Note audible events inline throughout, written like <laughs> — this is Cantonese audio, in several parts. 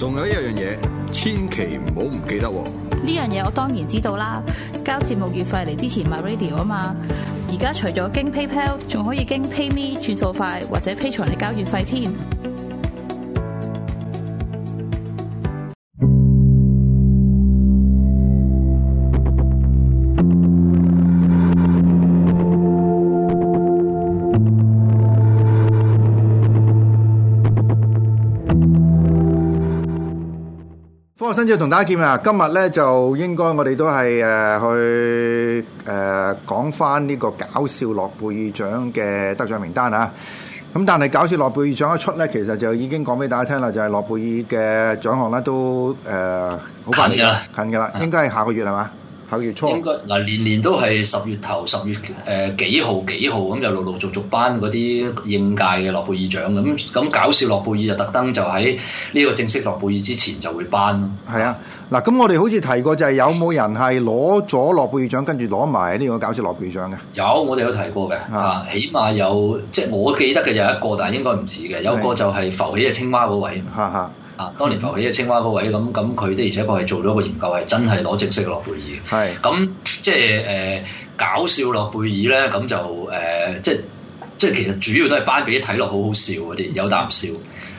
仲有一樣嘢，千祈唔好唔記得喎！呢樣嘢我當然知道啦，交節目月費嚟支持 MyRadio 啊嘛！而家除咗經 PayPal，仲可以經 PayMe 轉數快，或者 Patreon 嚟交月費添。不過新志同大家見啊。今日咧就應該我哋都係誒、呃、去誒、呃、講翻呢個搞笑諾貝爾獎嘅得獎名單啊。咁但係搞笑諾貝爾獎一出咧，其實就已經講俾大家聽啦，就係、是、諾貝爾嘅獎項咧都誒好快啦，呃、近㗎啦，應該係下個月係嘛？啊下月初應該嗱、啊，年年都係十月頭十月誒、呃、幾號幾號咁，就陸陸續續頒嗰啲應屆嘅諾貝爾獎嘅，咁咁搞笑諾貝爾就特登就喺呢個正式諾貝爾之前就會頒咯。係啊，嗱咁我哋好似提過就係有冇人係攞咗諾貝爾獎跟住攞埋呢個搞笑諾貝爾獎嘅？有，我哋有提過嘅是啊，起碼有即係我記得嘅有一個，但係應該唔止嘅，有一個就係浮起隻青蛙嗰位。哈哈。啊！當年浮起嘅青蛙嗰位咁咁，佢的而且確係做咗一個研究，係真係攞正式嘅諾貝爾。係咁是即係誒、呃、搞笑諾貝爾咧，咁就誒、呃、即係即係其實主要都係頒畀睇落好好笑嗰啲有啖笑。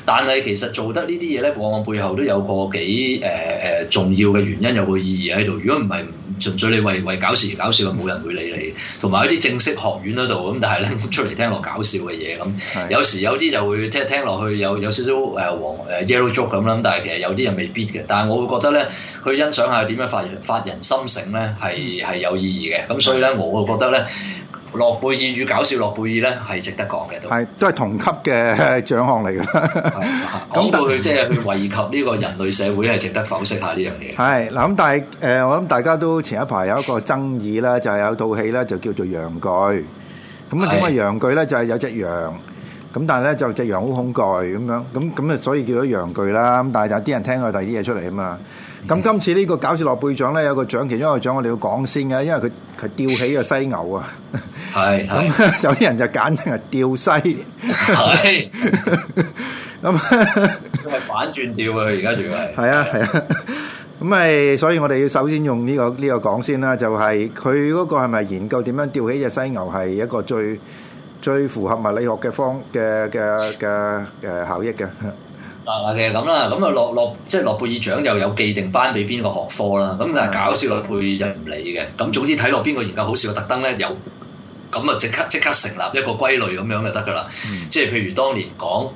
但係其實做得呢啲嘢咧，往往背後都有個幾誒誒、呃、重要嘅原因，有個意義喺度。如果唔係純粹你為為搞事而搞笑，冇人會理你。同埋一啲正式學院嗰度咁，但係咧出嚟聽落搞笑嘅嘢咁，有時有啲就會聽聽落去有有少少誒、呃、黃誒、呃、Yellow joke 咁啦。但係其實有啲人未必嘅。但係我會覺得咧，去欣賞下點樣發人發人心性咧，係係有意義嘅。咁所以咧，我會覺得咧。諾貝爾與搞笑諾貝爾咧，係值得講嘅，都係，都係同級嘅獎項嚟嘅。咁 <laughs> 到佢即係去惠及呢個人類社會，係值得剖析下呢樣嘢。係嗱，但係誒，我諗大家都前一排有一個爭議啦，就係、是、有套戲咧，就叫做羊懼。咁啊，點解羊懼咧就係、是、有隻羊？咁但係咧就隻羊好恐懼咁樣，咁咁啊，所以叫咗羊懼啦。咁但係有啲人聽佢第二啲嘢出嚟啊嘛。咁今次呢個搞笑諾貝獎咧，有個獎，其中一個獎我哋要講先嘅，因為佢佢吊起個犀牛啊，係咁有啲人就簡稱係吊犀，係咁係反轉吊啊！佢而家仲係係啊係啊，咁咪所以我哋要首先用呢個呢個講先啦，就係佢嗰個係咪研究點樣吊起隻犀牛係一個最最符合物理學嘅方嘅嘅嘅誒效益嘅？嗱嘅咁啦，咁啊諾諾即係諾貝爾獎又有既定頒俾邊個學科啦，咁啊搞笑諾貝爾又唔理嘅，咁總之睇落邊個研究好笑嘅特登咧，有咁啊即刻即刻成立一個歸類咁樣就得噶啦，即係譬如當年講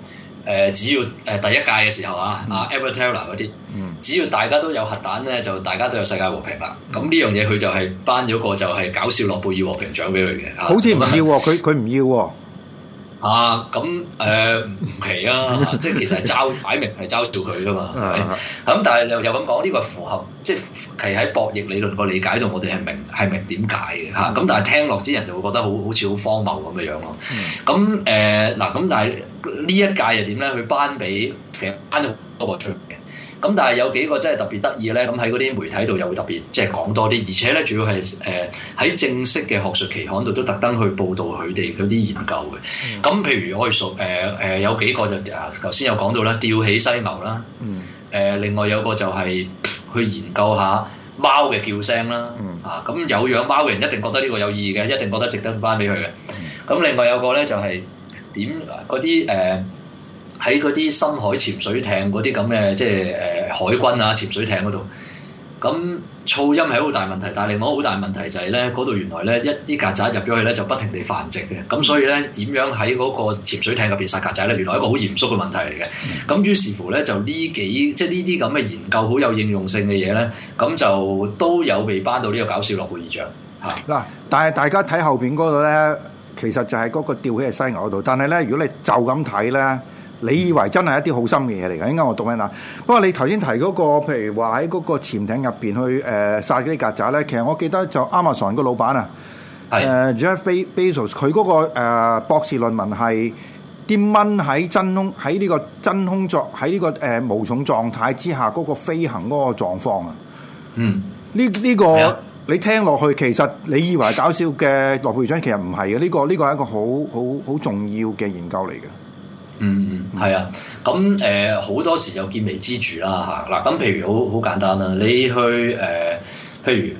誒只要誒第一屆嘅時候啊啊 Edward Teller 嗰啲，只要大家都有核彈咧，就大家都有世界和平啦。咁呢樣嘢佢就係頒咗個就係搞笑諾貝爾和平獎俾佢嘅，好似唔係要佢佢唔要喎。嚇，咁誒唔奇啊！即、啊、係其實係嘲擺明係嘲笑佢噶嘛，係咪？咁、 <laughs> 嗯嗯、但係又又咁講呢個符合，即係其實喺博弈理論個理解度，我哋係明係明點解嘅嚇。咁、啊、但係聽落啲人就會覺得好好似好荒謬咁嘅樣咯。咁誒嗱咁，但係呢一屆又點咧？佢頒俾其實班咗多個出。咁但係有幾個真係特別得意咧，咁喺嗰啲媒體度又會特別即係講多啲，而且咧主要係誒喺正式嘅學術期刊度都特登去報導佢哋嗰啲研究嘅。咁譬如我哋熟誒誒有幾個就啊頭先有講到啦，吊起犀牛啦，誒、呃、另外有個就係去研究下貓嘅叫聲啦，啊咁有養貓嘅人一定覺得呢個有意義嘅，一定覺得值得翻俾佢嘅。咁另外有個咧就係點嗰啲誒。喺嗰啲深海潛水艇嗰啲咁嘅，即係誒、呃、海軍啊，潛水艇嗰度咁噪音係好大問題。但係另外一個好大問題就係、是、咧，嗰度原來咧一啲曱甴入咗去咧，就不停地繁殖嘅。咁所以咧，點樣喺嗰個潛水艇入邊殺曱甴咧？原來一個好嚴肅嘅問題嚟嘅。咁於是乎咧，就呢幾即係呢啲咁嘅研究好有應用性嘅嘢咧，咁就都有被頒到呢個搞笑諾貝爾獎嚇嗱、啊。但係大家睇後邊嗰度咧，其實就係嗰個吊起嘅犀牛度。但係咧，如果你就咁睇咧。你以為真係一啲好深嘅嘢嚟嘅，應該我讀緊啦。不過你頭先提嗰、那個，譬如話喺嗰個潛艇入邊去誒、呃、殺嗰啲曱甴咧，其實我記得就 Amazon 個老闆啊，誒的、uh, Jeff Bezos，佢嗰、那個、呃、博士論文係啲蚊喺真空喺呢個真空作喺呢、這個誒、呃、無重狀態之下嗰、那個飛行嗰個狀況啊。嗯，呢呢、這個的你聽落去其實你以為搞笑嘅諾貝爾獎其實唔係嘅，呢、這個呢個係一個好好好重要嘅研究嚟嘅。嗯嗯，係啊，咁誒好多時有見微知著啦嚇嗱，咁、啊、譬、啊、如好好簡單啦，你去誒，譬如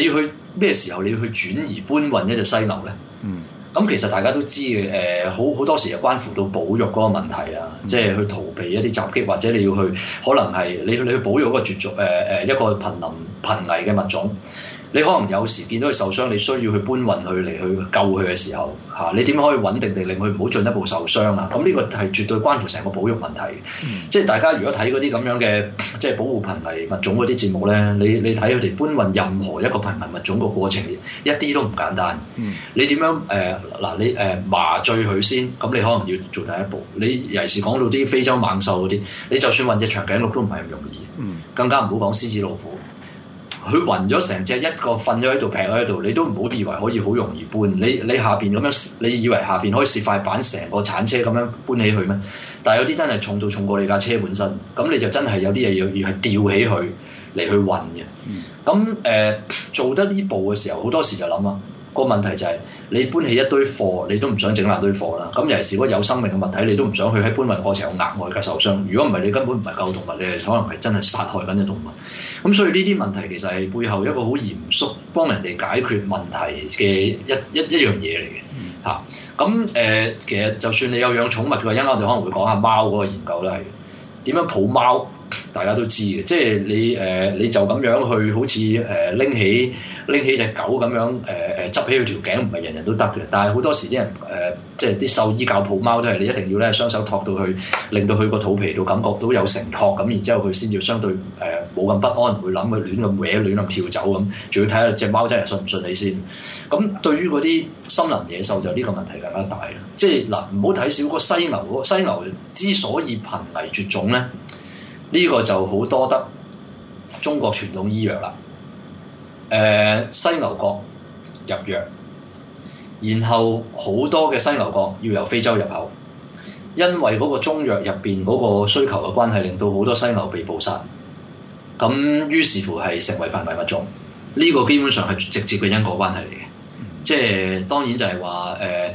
你要去咩時候你要去轉移搬運一隻犀牛咧？嗯，咁其實大家都知嘅誒、嗯，好好多時又關乎到保育嗰個問題啊，即係去逃避一啲襲擊，或者你要去可能係你你去保育個絕、呃、一個絕種誒一個瀕臨瀕危嘅物種。你可能有時見到佢受傷，你需要去搬運佢嚟去救佢嘅時候，嚇你點樣可以穩定地令佢唔好進一步受傷啊？咁呢個係絕對關乎成個保育問題嘅。即係大家如果睇嗰啲咁樣嘅即係保護瀕危物種嗰啲節目咧，你你睇佢哋搬運任何一個瀕危物種個過程，一啲都唔簡單。你點樣誒嗱？你誒麻醉佢先，咁你可能要做第一步。你尤其是講到啲非洲猛獸嗰啲，你就算運隻長頸鹿都唔係咁容易，更加唔好講獅子老虎。佢暈咗成隻一個瞓咗喺度平喺度，你都唔好以為可以好容易搬。你你下邊咁樣，你以為下邊可以攝塊板成個鏟車咁樣搬起佢咩？但係有啲真係重到重過你架車本身，咁你就真係有啲嘢要要係吊起佢嚟去運嘅。咁誒、呃、做得呢步嘅時候，好多時就諗啊，個問題就係、是、你搬起一堆貨，你都唔想整爛堆貨啦。咁尤其係，如果有生命嘅問題，你都唔想去喺搬運過程有額外嘅受傷。如果唔係，你根本唔係救動物，你係可能係真係殺害緊啲動物。咁、嗯、所以呢啲問題其實係背後一個好嚴肅幫人哋解決問題嘅一一一樣嘢嚟嘅吓。咁誒、啊呃，其實就算你有養寵物嘅話，一陣間我哋可能會講下貓嗰個研究啦，係點樣抱貓大家都知嘅。即係你誒、呃、你就咁樣去好似誒拎起拎起隻狗咁樣誒誒執起佢條頸，唔係人人都得嘅。但係好多時啲人。即係啲獸醫教抱貓都係，你一定要咧雙手托到佢，令到佢個肚皮度感覺到有承托咁，然之後佢先至相對誒冇咁不安，唔會諗佢亂咁歪亂咁跳走咁，仲要睇下隻貓真係信唔信你先。咁、嗯、對於嗰啲森林野獸就呢個問題更加大啦。即係嗱，唔好睇小個犀牛，犀牛之所以瀕危絕種咧，呢、這個就好多得中國傳統醫藥啦。誒、呃，犀牛角入藥。然後好多嘅犀牛角要由非洲入口，因為嗰個中藥入邊嗰個需求嘅關係，令到好多犀牛被捕殺，咁於是乎係成為瀕危物種。呢、這個基本上係直接嘅因果關係嚟嘅，即係當然就係話誒，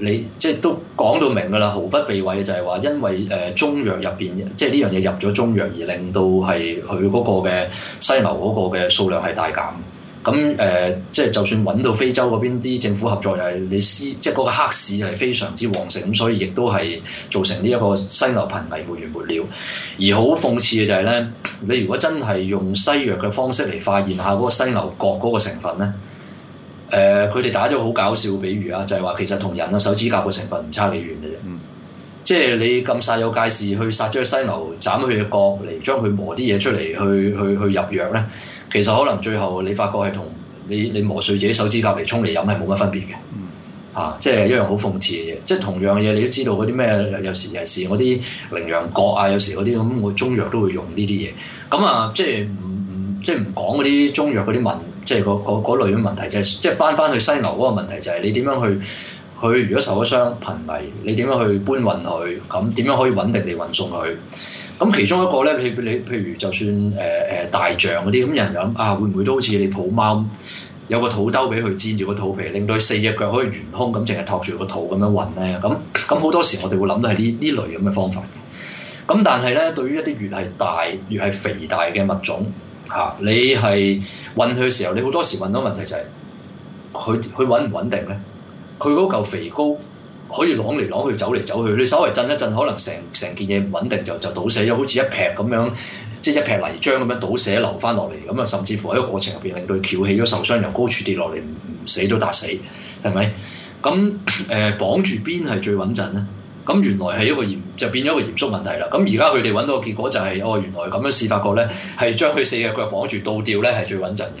你即係都講到明㗎啦，毫不避諱嘅就係話，因為誒、呃、中藥入邊即係呢樣嘢入咗中藥，而令到係佢嗰個嘅犀牛嗰個嘅數量係大減。咁誒，即係、呃、就算揾到非洲嗰邊啲政府合作，又係你私，即係嗰個黑市係非常之旺盛，咁所以亦都係造成呢一個犀牛瀕危沒完沒了。而好諷刺嘅就係呢：你如果真係用西藥嘅方式嚟發現下嗰個犀牛角嗰個成分呢，誒、呃，佢哋打咗好搞笑嘅比喻啊，就係、是、話其實同人啊手指甲嘅成分唔差幾遠嘅啫。嗯。即係你咁晒有介事去殺咗隻犀牛，斬佢嘅角嚟將佢磨啲嘢出嚟，去去去入藥咧，其實可能最後你發覺係同你你磨碎自己手指甲嚟沖嚟飲係冇乜分別嘅，嗯、啊，即係一樣好諷刺嘅嘢。即係同樣嘢，你都知道嗰啲咩，有時嘅時我啲羚羊角啊，有時嗰啲咁，我中藥都會用呢啲嘢。咁啊，即係唔唔即係唔講嗰啲中藥嗰啲問，即係嗰嗰嗰類問題，就係、是、即係翻翻去犀牛嗰個問題，就係、是、你點樣去？佢如果受咗傷、瀕危，你點樣去搬運佢？咁點樣，樣可以穩定地運送佢？咁其中一個咧，你你譬如就算誒誒、呃呃、大象嗰啲，咁人就諗啊，會唔會都好似你抱貓，有個肚兜俾佢煎住個肚皮，令到四隻腳可以懸空，咁淨係托住個肚咁樣運咧？咁咁好多時我哋會諗到係呢呢類咁嘅方法。咁但係咧，對於一啲越係大、越係肥大嘅物種，嚇、啊、你係運佢嘅時候，你好多時搵到問題就係佢佢穩唔穩定咧？佢嗰嚿肥膏可以攞嚟攞去走嚟走去，你稍微震一震，可能成成件嘢唔穩定就就倒死咗，好似一劈咁樣，即係一劈泥漿咁樣倒死留翻落嚟，咁啊甚至乎喺個過程入邊令到佢翹起咗、受傷由高處跌落嚟，唔死都搭死，係咪？咁誒、呃、綁住邊係最穩陣咧？咁原來係一個嚴就變咗一個嚴肅問題啦。咁而家佢哋揾到個結果就係、是、哦，原來咁樣試發覺咧，係將佢四隻腳綁住倒吊咧係最穩陣嘅。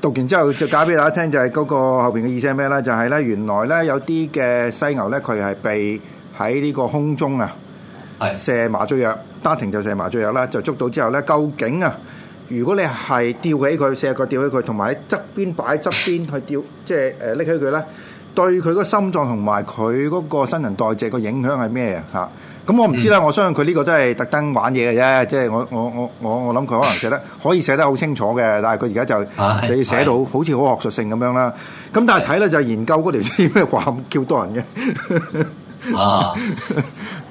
讀完之後就解俾大家聽，就係嗰個後邊嘅意思係咩咧？就係咧，原來咧有啲嘅犀牛咧，佢係被喺呢個空中啊射麻醉藥，的單停就射麻醉藥啦，就捉到之後咧，究竟啊，如果你係吊起佢，射個吊起佢，同埋喺側邊擺側邊去吊，即係誒拎起佢咧，對佢個心臟同埋佢嗰個新陳代謝個影響係咩啊？嚇！咁我唔知啦，我相信佢呢個都係特登玩嘢嘅啫，即、就、係、是、我我我我我諗佢可能寫得可以寫得好清楚嘅，但係佢而家就是就要寫到好似好學術性咁樣啦。咁但係睇咧就研究嗰條線咩話叫多人嘅。 <laughs> 啊！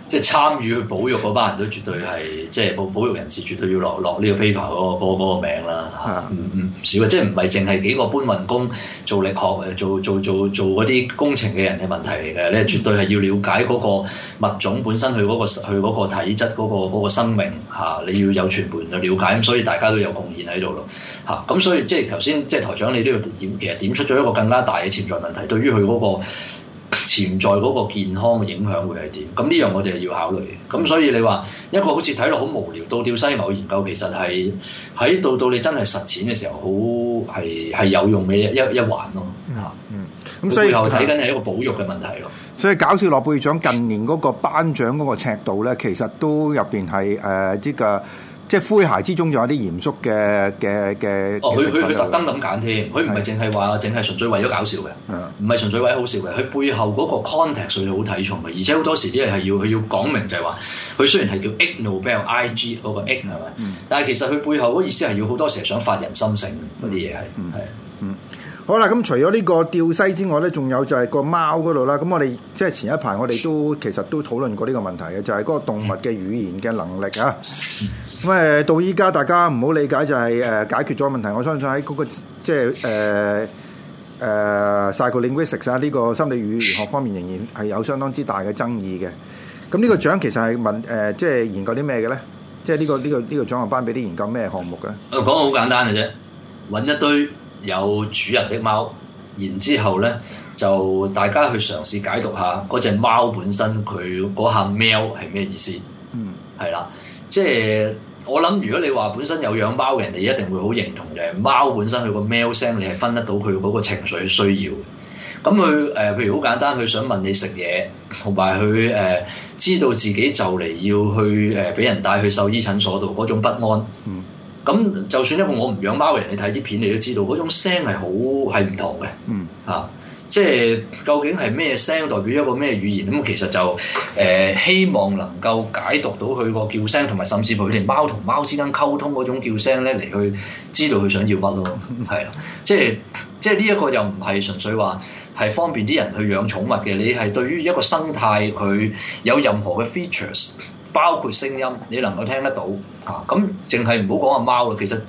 即係參與去保育嗰班人都絕對係，即係保育人士絕對要落落呢個 paper 嗰、嗰個名、嗰個、啦嚇，唔唔少啊，即係唔係淨係幾個搬運工做力學誒，做做做做啲工程嘅人嘅問題嚟嘅，你係絕對係要了解嗰個物種本身佢嗰、嗰個去嗰個體質嗰、嗰個嗰個生命嚇、啊，你要有全盤去了解，咁所以大家都有貢獻喺度咯嚇，咁、啊、所以即係頭先即係台長你呢個點其實點出咗一個更加大嘅潛在問題，對於佢嗰、嗰個。潛在嗰個健康嘅影響會係點？咁呢樣我哋係要考慮嘅。咁所以你話一個好似睇落好無聊、到掉西流嘅研究，其實係喺到到你真係實踐嘅時候，好係係有用嘅一一,一環咯。嚇、嗯，嗯，咁所以背後睇緊係一個保育嘅問題咯。所以搞笑諾貝爾獎近年嗰個頒獎嗰個尺度咧，其實都入邊係誒啲嘅。呃這個即係詼諧之中，仲有啲嚴肅嘅嘅嘅。哦，佢佢佢特登噉揀添，佢唔係淨係話，淨係純粹為咗搞笑嘅。唔係是的 純粹為好笑嘅，佢背後嗰個 context 所以好睇重嘅，而且好多時啲嘢係要佢要講明就係話，佢雖然係叫 Ig Nobel I G 嗰個 Ig 係咪？嗯、但係其實佢背後嗰意思係要好多時想發人深省嗰啲嘢係，係、嗯，嗯。好啦，咁、嗯、除咗呢個吊西之外咧，仲有就係個貓嗰度啦。咁、嗯、我哋即係前一排我哋都其實都討論過呢個問題嘅，就係、是、嗰個動物嘅語言嘅能力啊。咁、嗯、誒到依家大家唔好理解就係、是、誒、呃、解決咗問題。我相信喺嗰、那個即係誒誒曬個 language 上呢個心理語言學方面仍然係有相當之大嘅爭議嘅。咁、嗯、呢、這個獎其實係問誒、呃、即係研究啲咩嘅咧？即係呢、這個呢、這個呢、這個獎又頒俾啲研究咩項目嘅咧？誒、啊、講好簡單嘅啫，揾一堆。有主人的貓，然之後呢，就大家去嘗試解讀下嗰隻貓本身佢嗰下喵係咩意思？嗯，係啦，即係我諗，如果你話本身有養貓嘅人，你一定會好認同嘅。貓本身佢個喵聲，你係分得到佢嗰個情緒需要嘅。咁佢誒，譬如好簡單，佢想問你食嘢，同埋佢誒知道自己就嚟要去誒俾、呃、人帶去獸醫診所度嗰種不安。嗯咁就算一個我唔養貓嘅人，你睇啲片你都知道，嗰種聲係好，係唔同嘅，嗯、啊即係究竟係咩聲代表一個咩語言？咁其實就誒、呃，希望能夠解讀到佢個叫聲，同埋甚至乎佢哋貓同貓之間溝通嗰種叫聲咧，嚟去知道佢想要乜咯，係啦。即係即係呢一個又唔係純粹話係方便啲人去養寵物嘅，你係對於一個生態佢有任何嘅 features，包括聲音，你能夠聽得到啊。咁淨係唔好講啊貓啊，其實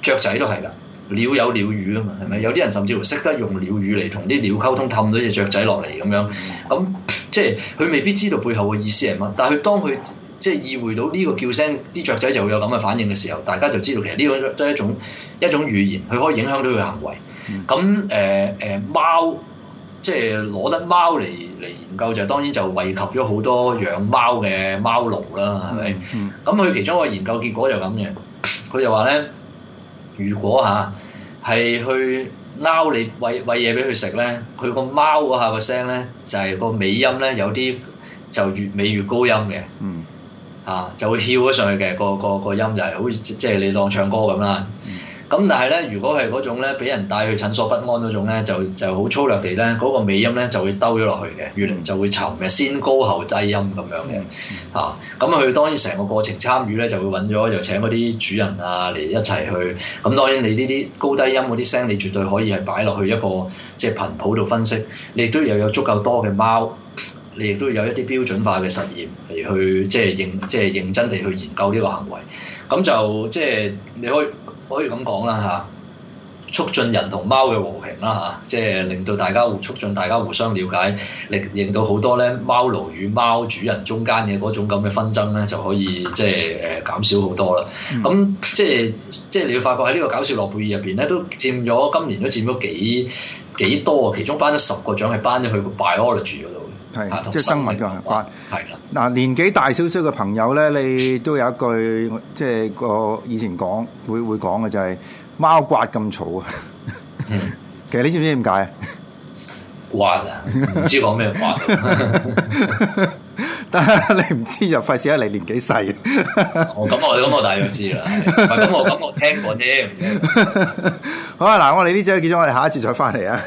雀仔都係啦。鳥有鳥語啊嘛，係咪？有啲人甚至乎識得用鳥語嚟同啲鳥溝通，氹到隻雀仔落嚟咁樣。咁即係佢未必知道背後嘅意思係乜，但係佢當佢即係意會到呢個叫聲，啲雀仔就會有咁嘅反應嘅時候，大家就知道其實呢個都係一種一種語言，佢可以影響到佢嘅行為。咁誒誒，貓即係攞得貓嚟嚟研究就當然就惠及咗好多養貓嘅貓奴啦，係咪？咁佢其中一個研究結果就咁嘅，佢就話咧。如果吓，係去撈你餵餵嘢俾佢食咧，佢個貓嗰下個聲咧就係、是、個尾音咧，有啲就越尾越高音嘅，嗯、啊，嚇就會翹咗上去嘅，個個個音就係好似即係你當唱歌咁啦。嗯嗯咁但係咧，如果係嗰種咧，俾人帶去診所不安嗰種咧，就就好粗略地咧，嗰個尾音咧就會兜咗落去嘅，越嚟就會沉嘅，先高後低音咁樣嘅，啊，咁佢當然成個過程參與咧，就會揾咗又請嗰啲主人啊嚟一齊去，咁當然你呢啲高低音嗰啲聲，你絕對可以係擺落去一個即係頻譜度分析，你亦都要有足夠多嘅貓，你亦都有一啲標準化嘅實驗嚟去即係認即係認真地去研究呢個行為，咁就即係你可以。可以咁講啦嚇，促進人同貓嘅和平啦嚇，即係令到大家互促進，大家互相了解，令令到好多咧貓奴與貓主人中間嘅嗰種咁嘅紛爭咧就可以即係誒減少好多啦。咁、嗯、即係即係你要發覺喺呢個搞笑諾貝爾入邊咧，都佔咗今年都佔咗幾幾多，其中頒咗十個獎係頒咗去 biology 嗰度。係，即係生物嘅刮刮。係啦，嗱，年紀大少少嘅朋友咧，你都有一句，即係個以前講，會會講嘅就係貓刮咁嘈啊。其實你知唔知點解啊？刮啊，唔知講咩刮。但係你唔知就費事，因為你年紀細。哦，咁我咁我大都知啦。咁我咁我聽過添。好啊，嗱，我哋呢集結束，我哋下一次再翻嚟啊。